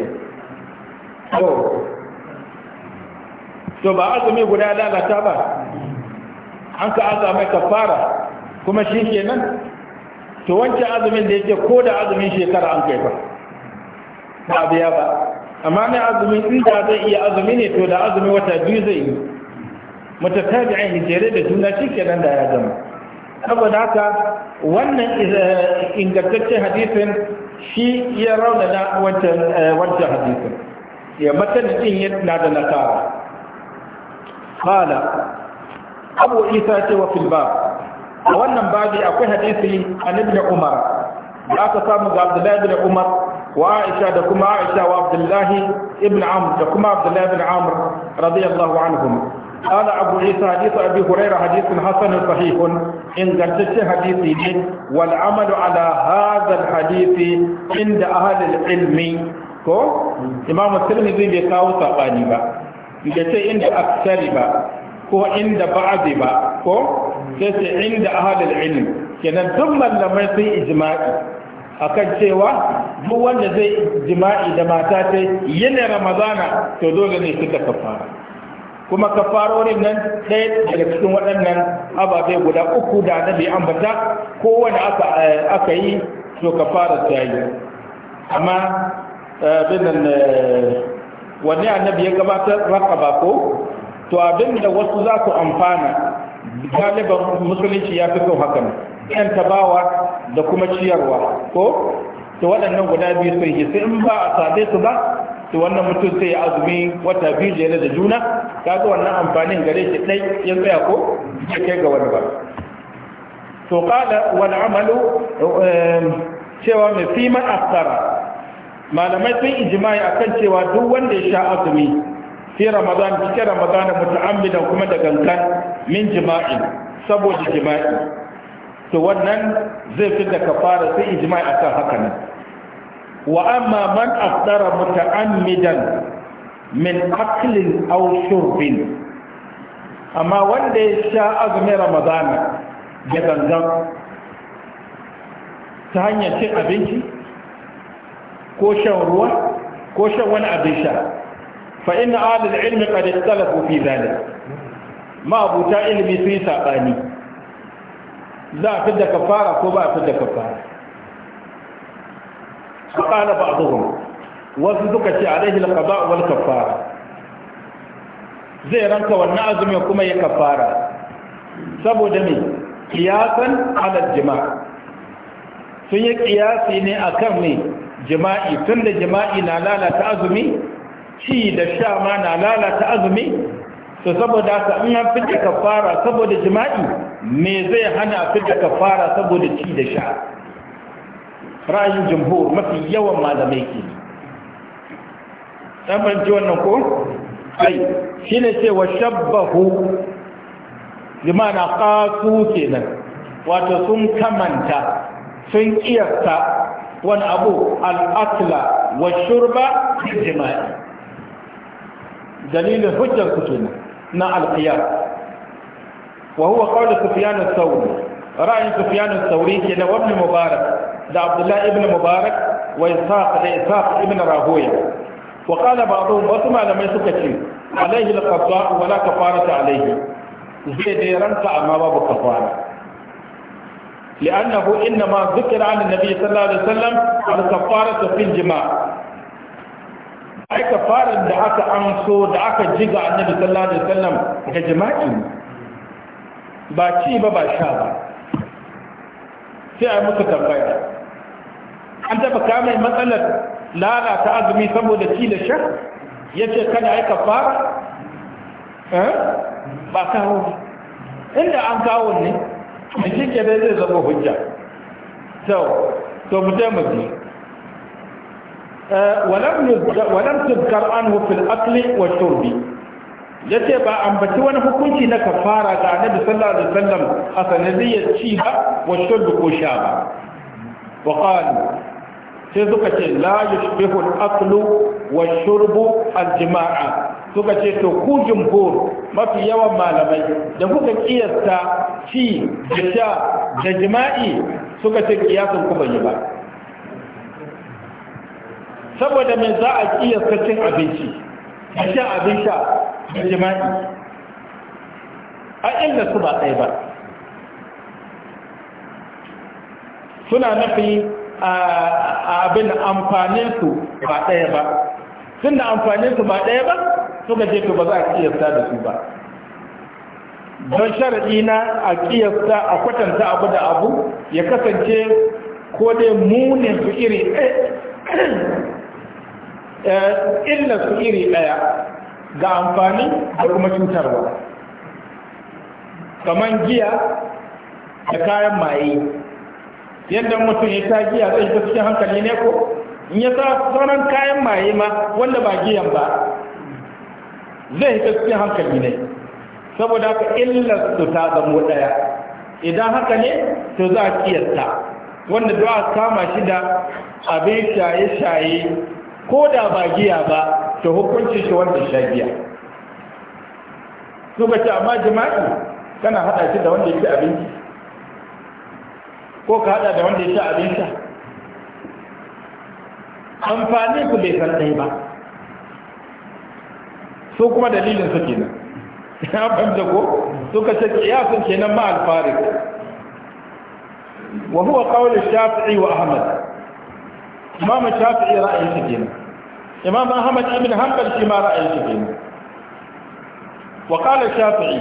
to ba azumi guda lalata ba an ka aza mai kafara kuma shi ke nan to wancan azumin da yake ko da azumin shekara an kai ba ba biya ba amma mai azumin in zai iya azumi ne to da azumin wata biyu zai yi mutatabi'in hijere da juna ke nan da ya zama saboda haka wannan eh, ingantaccen hadisin shi ya raunana wancan eh, hadisin ya matan din na da nasara qala abu isa ce wa fil a wannan babi akwai hadisi a ibn umar da aka samu ga abdullahi ibn umar wa aisha da kuma aisha wa abdullahi ibn amr da kuma abdullahi ibn amr radiyallahu anhum قال أبو عيسى حديث أبي هريرة حديث حسن صحيح إن قلت حديثي والعمل على هذا الحديث عند أهل العلم ko Imam Tirmidhi bai kawo sabani ba da inda aksari ba ko inda ba'adi ba ko sai inda ahlul ilm kenan duk malamai sun ijma'i akan cewa duk wanda zai jima'i da mata ta yana ramadana to dole ne suka kafara kuma kafarorin nan ɗaya daga cikin waɗannan ababe guda uku da annabi ambata kowane aka eh, aka yi to kafara ta yi amma eh, abin nan eh, wanne annabi ya gabata rakaba ko to abin da wasu za su amfana galiban musulunci ya fi kyau hakan yan tabawa da kuma ciyarwa ko to waɗannan guda biyu sun yi sai in ba a same su ba to wannan mutum sai ya azumi wata biyu yana da juna kaga wannan amfanin gare shi ɗai ya tsaya ko ya kai ga wani ba to kala wal amalu eh, cewa mai fi man aftara malamai sun ijimai akan cewa duk wanda ya sha azumi fi ramadan cikin ramadan muta'ammidan kuma da gangan min jima'i saboda jima'i to wannan zai fi da kafara sai ijma'i akan haka nan wa amma man aftara muta'ammidan min aklin aw shurbin amma wanda ya sha azumin ramadana da gangan ta hanyar cin abinci ko shan ruwa ko shan wani abin sha fa inna alil ilmi qad ikhtalafu fi dhalik ma abuta ilmi sun saɓani za a fidda fara ko ba a fidda fara. su ƙana ba a wasu suka ce a rahil ka ba wal fara. zai ranka wannan azumin kuma ya ka fara. saboda ne kiyasan alal jima'i. sun yi kiyasi ne a kan ne jima'i tun da jima'i na lalata azumi ci da sha ma na lalata azumi su saboda ka in an fidda fara saboda jima'i me zai hana fi da kafara saboda ci da sha ra'ayin jamhur mafi yawan malamai ke ɗan fahimci wannan ko ai shi ne ce wa shabbahu limana ƙasu kenan wato sun kamanta sun ƙiyasta wani abu al'akla wa shurba jima'i dalilin hujjar kutunan na alƙiyar وهو قول سفيان الثوري رأي سفيان الثوري كده وابن مبارك لعبد الله ابن مبارك وإسحاق لإسحاق ابن راهوية وقال بعضهم وسمع لما يسكتي عليه القضاء ولا كفارة عليه زي ديرانك ما باب الكفارة لأنه إنما ذكر عن النبي صلى الله عليه وسلم الكفارة في الجماع أي كفارة دعك أنسو دعك جيغا النبي صلى الله عليه وسلم كجماعي ba ci ba ba sha ba sai a musu tambaya an taba kame matsalar lalata azumi saboda ci da sha ya ce kada aika fara eh? ba kawo inda an kawo ne mai shi ke zai zama hujja sau to mu taimaki ولم تذكر عنه في الأكل والشرب ya ce ba ambaci wani hukunci na kafara ga annabi sallallahu alaihi wasallam a sanadiyyar ci ba wa shuddu ko sha ba wa qalu sai suka ce la yushbihu al-aqlu wa shurbu al-jima'a suka ce to ku jumhur mafi yawan malamai da kuka kiyasta ci da sha da jima'i suka ce kiyasun ku bai yi ba saboda me za a kiyasta cin abinci da sha abin sha da jima'i a inda su ba ɗaya ba suna nufi a abin amfaninsu ba ɗaya ba sun da amfaninsu ba ɗaya ba suka je ba za a ƙiyasta da su ba don sharaɗi na a ƙiyasta, a kwatanta abu da abu ya kasance ko dai munin su iri Eh, illa su iri ɗaya ga amfani da kuma cutarwa kamar giya da kayan maye yadda mutum ya ta giya zai ta cikin hankali ne ko in ya sa sauran kayan maye ma wanda ba giyan ba zai ta cikin hankali ne saboda ka illar su ta zamo ɗaya idan haka ne to za a kiyasta wanda za a kama shi da abin shaye-shaye ko da ba giya ba ta hukunci shi wanda sha giya ka ce amma jima'i kana hada shi da wanda ya ci abinci ko ka hada da wanda ya ci abinci amfani ku bai san ɗaya ba su kuma dalilin su kenan ya banta ko ka ce san kenan ma alfarik wa huwa qawlu shafi'i wa ahmad imam shafi'i ra'ayin shi kenan imam ahmad ibn hanbal shi ma ra'ayin shi kenan wa qala shafi'i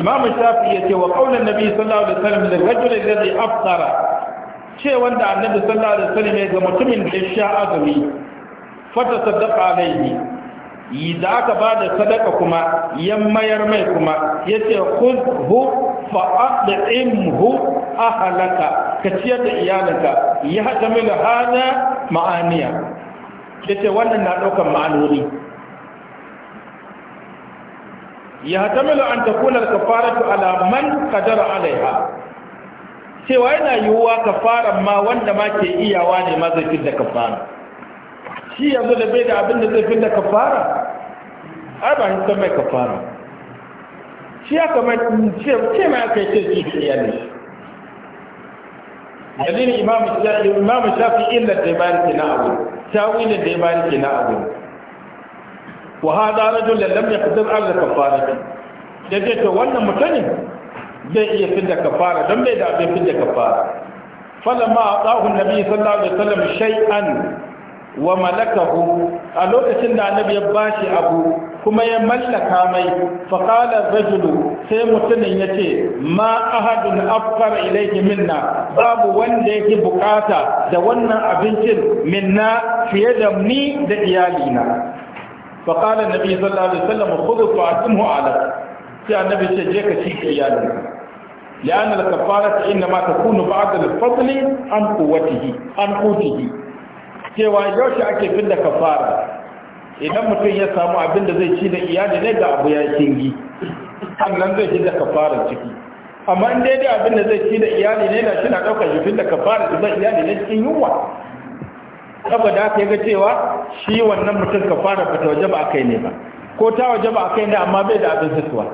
imam shafi'i yace wa qaulan nabi sallallahu alaihi wasallam lil rajul alladhi afṭara ce wanda annabi sallallahu alaihi wasallam ya ga mutumin da ya sha azumi fata saddaqa alaihi da aka bada sadaka kuma yammayar mai kuma ya ce khudhu fa aqdimhu ahlaka ka ciyar da iyalinka ya haɗa mila hada ma'aniya ya ce wannan na ɗaukar ma'anori ya haɗa mila an tafunar kunar kafaratu ala man kadara alaiha cewa yana yiwuwa kafaran ma wanda ma ke iyawa ne ma zai fi da kafara shi yanzu da bai da abin da zai fi da kafara ai ba hisan mai kafara shi ya kamar ce mai aka yi ce shi iyalin dalilin imam imam shafi illa da bayan ke na abu tawilin da bayan ke na abu wa hada rajul lam yaqdir ala kafarati to wannan mutumin zai iya fidda kafara don bai da abin fidda kafara falamma atahu annabi sallallahu alaihi wasallam shay'an wa malakahu a lokacin da annabi ya bashi abu kuma ya mallaka mai fa qala rajulu sai mutumin ya ce ma ahadun afkar ilaihi minna babu wanda yake bukata da wannan abincin minna fiye da ni da iyalina فقال النبي صلى الله عليه وسلم خذه فأتمه على sai annabi ce je ka لأن الكفارة إنما تكون بعد الفضل عن قوته عن قوته cewa yaushe ake bin da kafara idan mutum ya samu abin da zai ci da iyali ne ga abu ya kingi sannan zai ji da kafarar ciki amma in dai abin da zai ci da iyali ne na shina ɗaukar jifin da kafarar da iyali ne cikin yunwa saboda aka yi ga cewa shi wannan mutum kafarar ba ta waje ba aka yi ne ba ko ta waje ba aka yi ne amma bai da abin sutuwa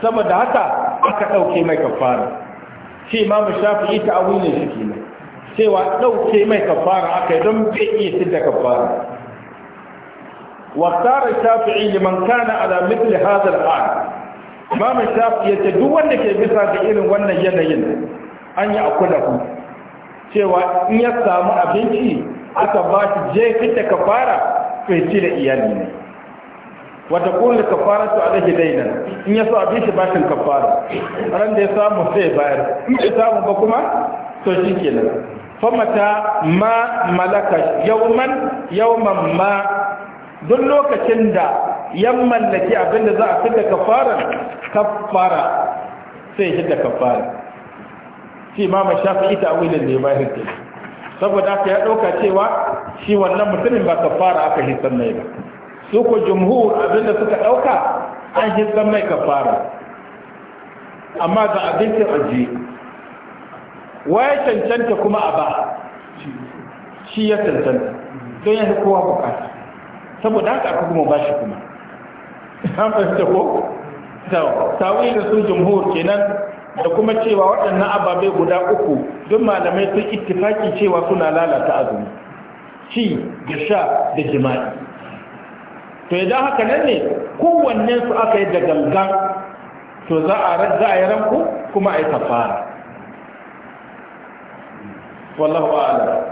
saboda haka aka ɗauke mai kafara shi ma mu shafi ita abu ne shi ne cewa ɗauke mai kafara aka yi don bai iya sidda kafara shafi'i liman kana ala mithli hadha al الحال imam shafi yace duk wanda ke bisa ga irin wannan yanayin an yi akula ku cewa in ya samu abinci aka ba shi je fita kafara to ci da iyali ne wata kullu kafara to alaihi dainan in ya so abinci shi ka kafara ran da ya samu sai bayar in ya samu ba kuma to shi kenan famata ma malaka yawman yawman ma duk lokacin da yan mallaki abinda za a fidda kafaran kafara sai ya da kafara shi ma mai shafi ita a wilin da ya bayar da saboda haka ya ɗauka cewa shi wannan mutumin ba kafara aka hisan mai ba su ko jumhur abinda suka ɗauka an hisan mai kafara amma ga abincin aji waye cancanta kuma a ba shi ya cancanta don ya kowa bukata saboda haka aka kuma ba shi kuma an fahimta ko tawi da su jumhur kenan da kuma cewa waɗannan ababe guda uku duk malamai sun ittifaki cewa suna lalata azumi ci da sha da jima'i to idan haka nan ne kowannen su aka yi da gangan to za a yi ranku kuma a yi kafara wallahu a'ala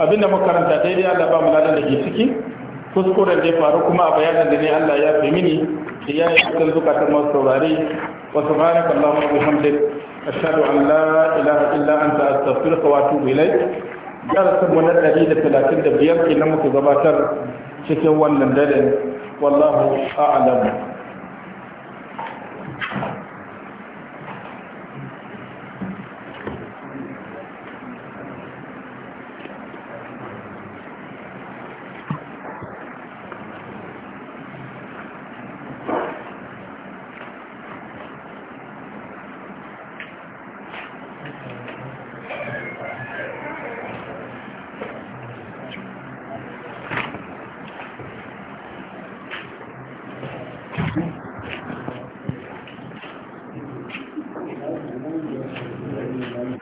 abinda makaranta daidai Allah ba mu ladan da ke ciki kuskuren da ya faru kuma a bayanin da ne Allah ya fi mini da ya yi cikin zukatan masu saurari wa subhanaka muhammadin a shaɗu an la ilaha illa anta astaghfiruka kawatu bilai ya darasin mu na ke nan muka gabatar cikin wannan dare wallahu alamu.